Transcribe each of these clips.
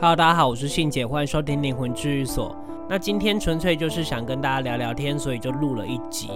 Hello，大家好，我是信姐，歡迎收聽靈魂治癒所。那今天純粹就是想跟大家聊聊天，所以就錄了一集。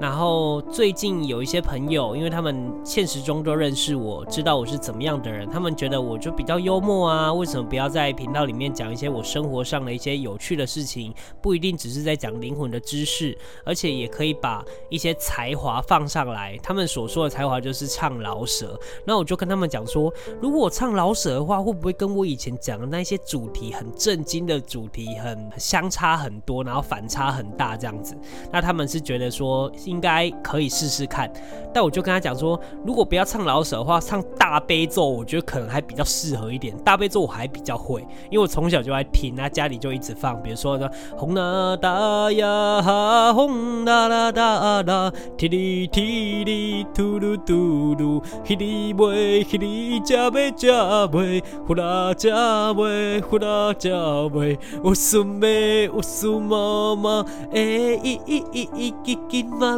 然後最近有一些朋友，因為他們現實中都認識我，知道我是怎麼樣的人，他們覺得我就比較幽默啊。為什麼不要在頻道裡面講一些我生活上的一些有趣的事情？不一定只是在講靈魂的知識，而且也可以把一些才華放上來。他們所說的才華就是唱老舍。那我就跟他們講說，如果我唱老舍的話，會不會跟我以前講的那些主題很正經的主題很相差很多，然後反差很大這樣子？那他們是覺得說。應該可以試試看，但我就跟他講說，如果不要唱老手的話，唱大悲咒，我覺得可能還比較適合一點。大悲咒我還比較會，因為我從小就愛聽，那家裡就一直放。比如說呢，紅娜噠呀哈，紅啦啦噠啦，滴哩滴哩嘟嚕嘟嚕，稀哩賣稀哩吃賣吃賣，呼啦吃賣呼啦吃賣，我說賣我說媽媽，哎咦咦咦咦咦咦。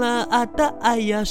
哎呀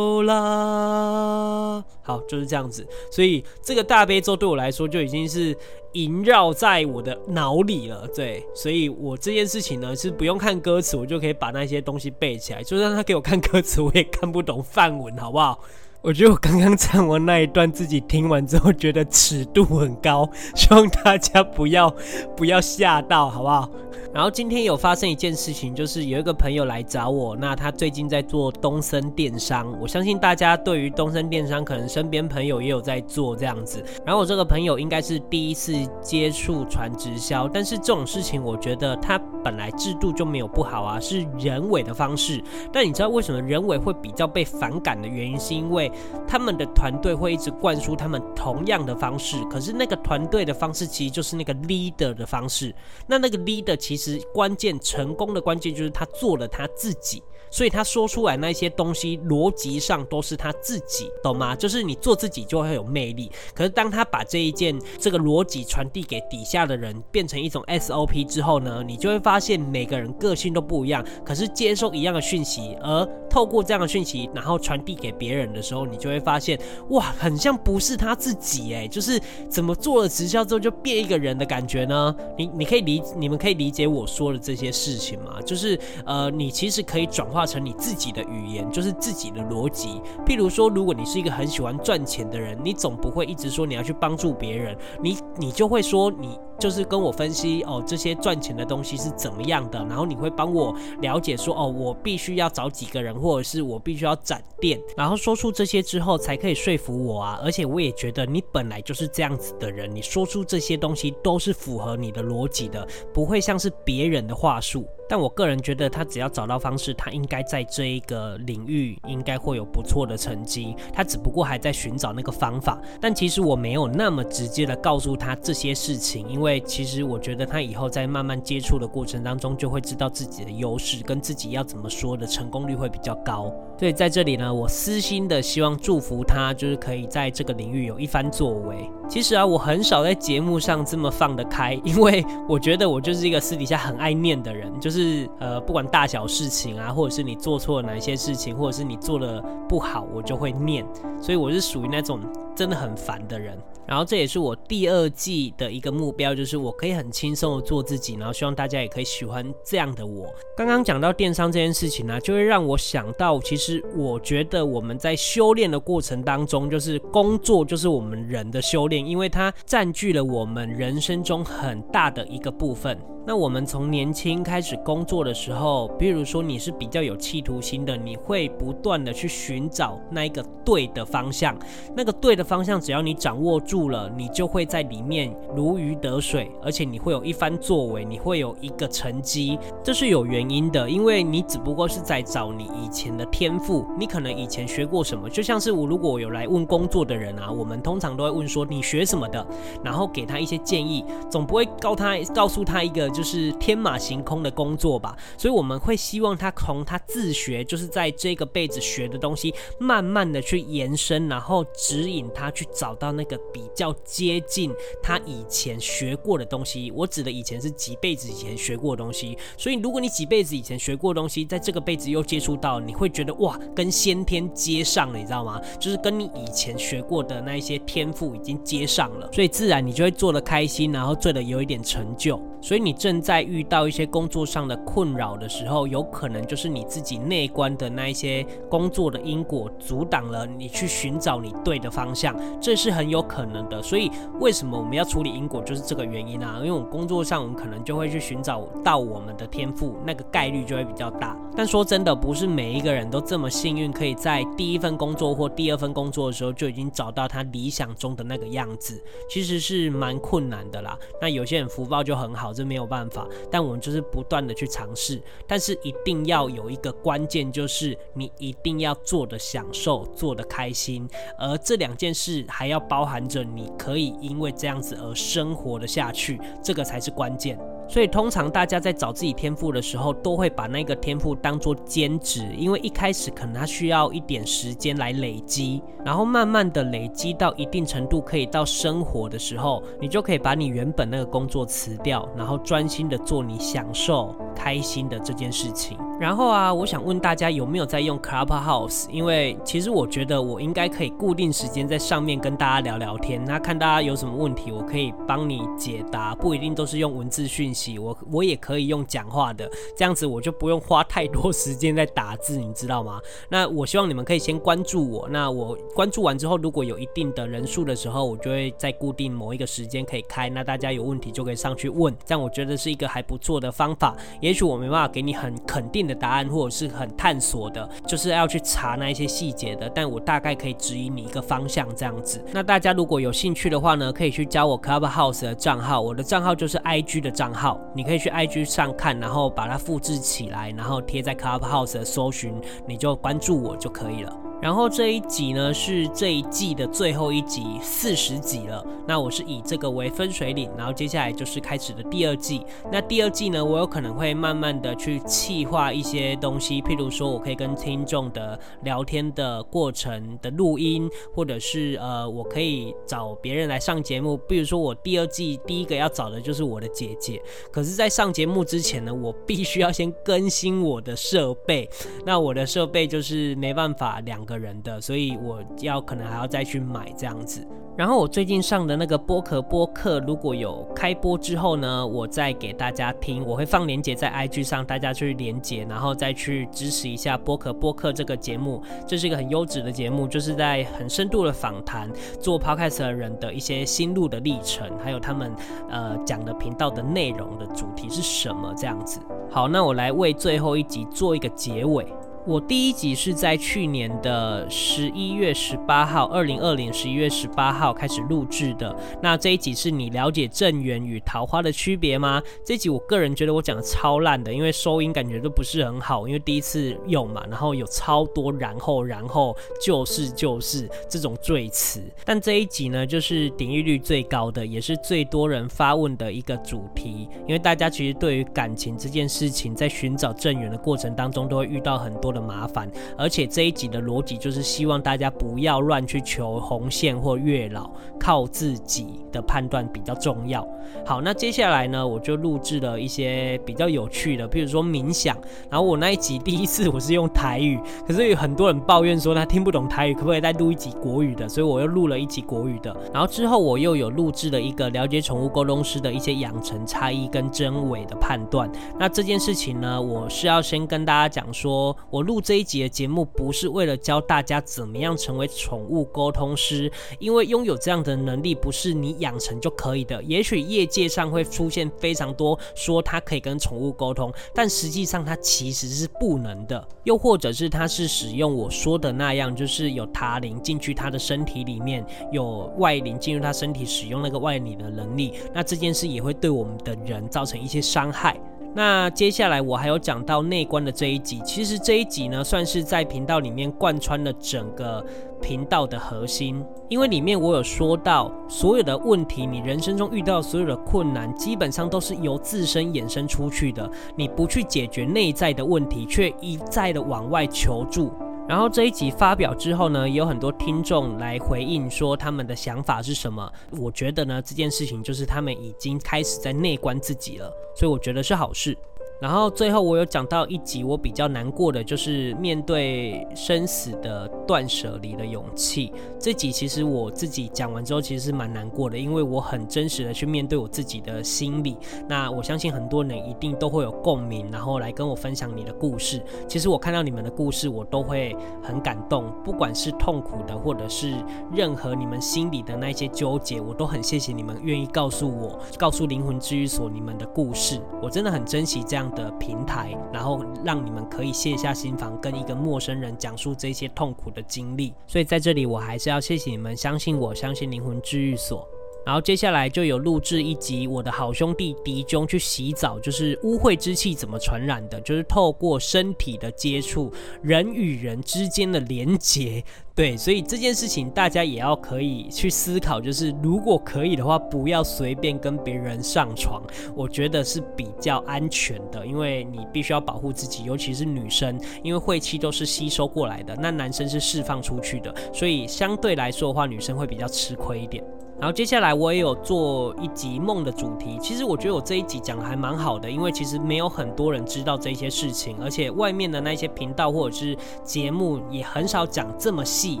啦！好，就是這樣子。所以這個大悲咒對我來說就已經是縈繞在我的腦裡了。對，所以我這件事情呢是不用看歌詞，我就可以把那些東西背起來。就算他給我看歌詞，我也看不懂梵文，好不好？我覺得我剛剛唱完那一段，自己聽完之後覺得尺度很高，希望大家不要不要嚇到，好不好？然後今天有發生一件事情，就是有一個朋友來找我，那他最近在做東森電商。我相信大家對於東森電商，可能身邊朋友也有在做這樣子。然後我這個朋友應該是第一次接觸傳直銷，但是這種事情，我覺得他本來制度就沒有不好啊，是人為的方式。但你知道為什麼人為會比較被反感的原因，是因為他們的團隊會一直灌輸他們同樣的方式，可是那個團隊的方式其實就是那個 leader 的方式。那那個 leader 其實，關鍵，成功的關鍵就是他做了他自己，所以他說出來那些東西邏輯上都是他自己，懂嗎？就是你做自己就會有魅力。可是當他把這一件這個邏輯傳遞給底下的人，變成一種 SOP 之後呢，你就會發現每個人個性都不一樣，可是接受一樣的訊息，而透過這樣的訊息，然後傳遞給別人的時候，你就會發現哇，很像不是他自己哎、欸，就是怎麼做了直銷之後就變一個人的感覺呢？你你可以理，你們可以理解我。我說的這些事情嘛，就是呃，你其實可以轉化成你自己的語言，就是自己的邏輯。譬如說，如果你是一個很喜歡賺錢的人，你總不會一直說你要去幫助別人，你你就會說你。就是跟我分析哦，這些賺錢的東西是怎麼樣的，然後你會幫我了解說哦，我必須要找幾個人，或者是我必須要攢店，然後說出這些之後才可以說服我啊。而且我也覺得你本來就是這樣子的人，你說出這些東西都是符合你的邏輯的，不會像是別人的話術。但我個人覺得，他只要找到方式，他應該在這一個領域應該會有不錯的成績。他只不過還在尋找那個方法。但其實我沒有那麼直接的告訴他這些事情，因為其實我覺得他以後在慢慢接觸的過程當中，就會知道自己的優勢跟自己要怎麼說的成功率會比較高。所以在這裡呢，我私心的希望祝福他，就是可以在這個領域有一番作為。其實啊，我很少在節目上這麼放得開，因為我覺得我就是一個私底下很愛念的人，就是。是呃，不管大小事情啊，或者是你做錯了哪些事情，或者是你做的不好，我就會念。所以我是屬於那種真的很煩的人。然後這也是我第二季的一個目標，就是我可以很輕鬆的做自己，然後希望大家也可以喜歡這樣的我。剛剛講到電商這件事情呢、啊，就會讓我想到，其實我覺得我們在修煉的過程當中，就是工作就是我們人的修煉，因為它占據了我們人生中很大的一個部分。那我們從年輕開始工作的時候，比如說你是比較有企圖心的，你會不斷的去尋找那一個對的方向，那個對的方向，只要你掌握住。住了，你就會在裡面如魚得水，而且你會有一番作為，你會有一個成績，這是有原因的，因為你只不過是在找你以前的天賦，你可能以前學過什麼，就像是我如果有來問工作的人啊，我們通常都會問說，你學什麼的，然後給他一些建議，總不會告他告訴他一個就是天馬行空的工作吧，所以我們會希望他從他自學，就是在這個輩子學的東西，慢慢的去延伸，然後指引他去找到那個比。比較接近他以前學過的東西，我指的以前是幾輩子以前學過的東西。所以如果你幾輩子以前學過的東西，在這個輩子又接觸到，你會覺得哇，跟先天接上了，你知道嗎？就是跟你以前學過的那一些天賦已經接上了，所以自然你就會做得開心，然後做得有一點成就。所以你正在遇到一些工作上的困擾的時候，有可能就是你自己內觀的那一些工作的因果阻擋了你去尋找你對的方向，這是很有可能的，所以為什麼我們要處理因果，就是這個原因啊。因為我們工作上，我們可能就會去尋找到我們的天賦，那個概率就會比較大。但說真的，不是每一個人都這麼幸運，可以在第一份工作或第二份工作的時候就已經找到他理想中的那個樣子，其實是蠻困難的啦。那有些人福報就很好，這沒有辦法。但我們就是不斷的去嘗試，但是一定要有一個關鍵，就是你一定要做的享受，做的開心，而這兩件事還要包含着，你可以因為這樣子而生活的下去，這個才是關鍵。所以通常大家在找自己天賦的時候，都會把那個天賦當做兼職，因為一開始可能它需要一點時間來累積，然後慢慢的累積到一定程度可以到生活的時候，你就可以把你原本那個工作辭掉，然後專心的做你享受開心的這件事情。然後啊，我想問大家有沒有在用 Clubhouse？因為其實我覺得我應該可以固定時間在上面跟大家聊聊天，那看大家有什麼問題，我可以幫你解答，不一定都是用文字訊息，我我也可以用講話的，這樣子我就不用花太多時間在打字，你知道嗎？那我希望你們可以先關注我，那我關注完之後，如果有一定的人數的時候，我就會再固定某一個時間可以開，那大家有問題就可以上去問，這樣我覺得是一個還不錯的方法。也許我沒辦法給你很肯定的。的答案，或者是很探索的，就是要去查那一些細節的。但我大概可以指引你一個方向，這樣子。那大家如果有興趣的話呢，可以去加我 Clubhouse 的賬號，我的賬號就是 IG 的賬號，你可以去 IG 上看，然後把它複製起來，然後貼在 Clubhouse 的搜尋，你就關注我就可以了。然後這一集呢，是這一季的最後一集，四十集了。那我是以這個為分水嶺，然後接下來就是開始的第二季。那第二季呢，我有可能會慢慢的去企劃一些東西，譬如說我可以跟聽眾的聊天的過程的錄音，或者是呃，我可以找別人來上節目。譬如說我第二季第一個要找的就是我的姐姐。可是，在上節目之前呢，我必須要先更新我的設備。那我的設備就是沒辦法兩個。人的，所以我要可能還要再去買這樣子。然後我最近上的那個播客播客，如果有開播之後呢，我再給大家聽，我會放連結在 IG 上，大家去連結，然後再去支持一下播客播客這個節目。這是一個很優質的節目，就是在很深度的訪談，做 Podcast 的人的一些心路的歷程，還有他們呃講的頻道的內容的主題是什麼這樣子。好，那我來為最後一集做一個結尾。我第一集是在去年的十一月十八號，二零二零十一月十八號開始錄制的。那這一集是你了解正緣與桃花的區別嗎？這集我個人覺得我講的超爛的，因為收音感覺都不是很好，因為第一次用嘛，然後有超多然後然後就是就是這種贅詞。但這一集呢，就是點擊率最高的，也是最多人發問的一個主題，因為大家其實對於感情這件事情，在尋找正緣的過程當中，都會遇到很多。的麻煩，而且這一集的邏輯就是希望大家不要亂去求紅線或月老，靠自己的判斷比較重要。好，那接下來呢，我就錄制了一些比較有趣的，譬如說冥想。然後我那一集第一次我是用台語，可是有很多人抱怨說他聽不懂台語，可不可以再錄一集國語的？所以我又錄了一集國語的。然後之後我又有錄制了一個了解寵物溝通師的一些養成差異跟真偽的判斷。那這件事情呢，我是要先跟大家講說，我。錄這一集的節目不是為了教大家怎麼樣成為寵物溝通師，因為擁有這樣的能力不是你養成就可以的。也許業界上會出現非常多說他可以跟寵物溝通，但實際上他其實是不能的。又或者是他是使用我說的那樣，就是有塔靈進去他的身體裡面，有外靈進入他身體，使用那個外力的能力，那這件事也會對我們的人造成一些傷害。那接下來我還有講到內觀的這一集，其實這一集呢，算是在頻道裡面貫穿了整個頻道的核心，因為裡面我有說到，所有的問題，你人生中遇到的所有的困難，基本上都是由自身衍生出去的，你不去解決內在的問題，卻一再的往外求助。然後這一集發表之後呢，也有很多聽眾來回應說他們的想法是什麼。我覺得呢，這件事情就是他們已經開始在內觀自己了，所以我覺得是好事。然後最後我有講到一集，我比較難過的就是面對生死的斷捨離的勇氣。這集其實我自己講完之後，其實是蠻難過的，因為我很真實的去面對我自己的心理。那我相信很多人一定都會有共鳴，然後來跟我分享你的故事。其實我看到你們的故事，我都會很感動，不管是痛苦的，或者是任何你們心裡的那些糾結，我都很謝謝你們願意告訴我，告訴靈魂治癒所你們的故事。我真的很珍惜這樣的平台，然後讓你們可以卸下心防，跟一個陌生人講述這些痛苦的經歷。所以在這裡，我還是要謝謝你們，相信我，相信靈魂治癒所。然後接下來就有錄製一集我的好兄弟迪中去洗澡，就是污穢之氣怎麼傳染的，就是透過身體的接觸，人與人之間的連結。對，所以這件事情大家也要可以去思考，就是如果可以的話，不要隨便跟別人上床，我覺得是比較安全的，因為你必須要保護自己，尤其是女生，因為晦氣都是吸收過來的，那男生是釋放出去的，所以相對來說的話，女生會比較吃虧一點。然後接下來我也有做一集夢的主題，其實我覺得我這一集講的還蠻好的，因為其實沒有很多人知道這些事情，而且外面的那一些頻道或者是節目也很少講這麼細，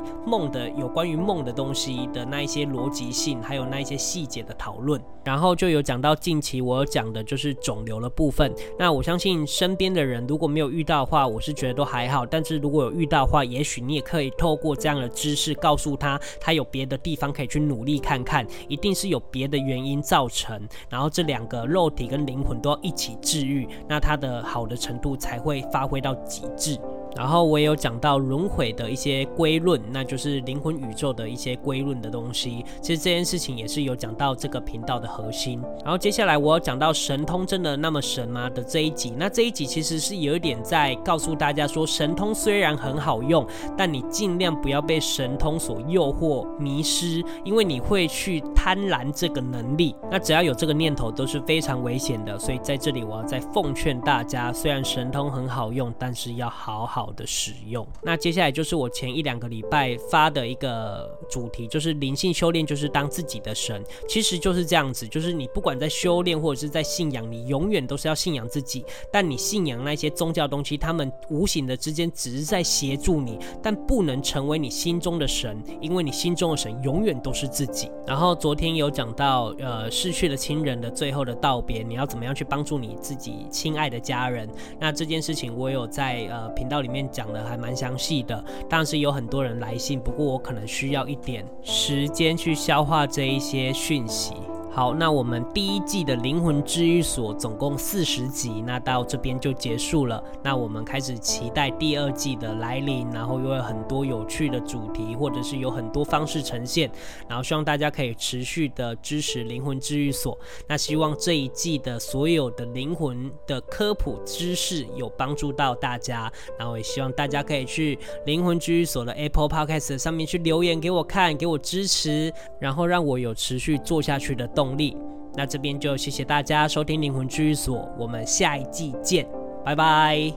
夢的有關於夢的東西的那一些邏輯性，還有那一些細節的討論。然後就有講到近期我有講的，就是腫瘤的部分。那我相信身邊的人如果沒有遇到的話，我是覺得都還好，但是如果有遇到的話，也許你也可以透過這樣的知識告訴他，他有別的地方可以去努力看看，看，一定是有別的原因造成，然後這兩個肉體跟靈魂都要一起治癒，那它的好的程度才會發揮到極致。然後我也有講到輪回的一些歸論，那就是靈魂宇宙的一些歸論的東西。其實這件事情也是有講到這個頻道的核心。然後接下來我要講到神通真的那麼神嗎啊的這一集。那這一集其實是有一點在告訴大家說，神通雖然很好用，但你盡量不要被神通所誘惑迷失，因為你會去貪婪這個能力。那只要有這個念頭都是非常危險的。所以在這裡我要再奉勸大家，雖然神通很好用，但是要好好。好的使用，那接下來就是我前一兩個禮拜發的一個主題，就是靈性修煉，就是當自己的神，其實就是這樣子，就是你不管在修煉或者是在信仰，你永遠都是要信仰自己。但你信仰那些宗教東西，他們無形的之間只是在協助你，但不能成為你心中的神，因為你心中的神永遠都是自己。然後昨天有講到，呃，失去了親人的最後的道別，你要怎麼樣去幫助你自己親愛的家人？那這件事情我有在呃頻道裡面。面講的還蠻詳細的，但是有很多人來信，不過我可能需要一點時間去消化這一些訊息。好，那我們第一季的《靈魂治癒所》總共四十集，那到這邊就結束了。那我們開始期待第二季的來臨，然後又有很多有趣的主題，或者是有很多方式呈現。然後希望大家可以持續的支持《靈魂治癒所》。那希望這一季的所有的靈魂的科普知識有幫助到大家。然後也希望大家可以去《靈魂治癒所》的 Apple Podcast 上面去留言給我看，給我支持，然後讓我有持續做下去的動力。動力，那這邊就謝謝大家收聽《靈魂治癒所》，我們下一季見，拜拜。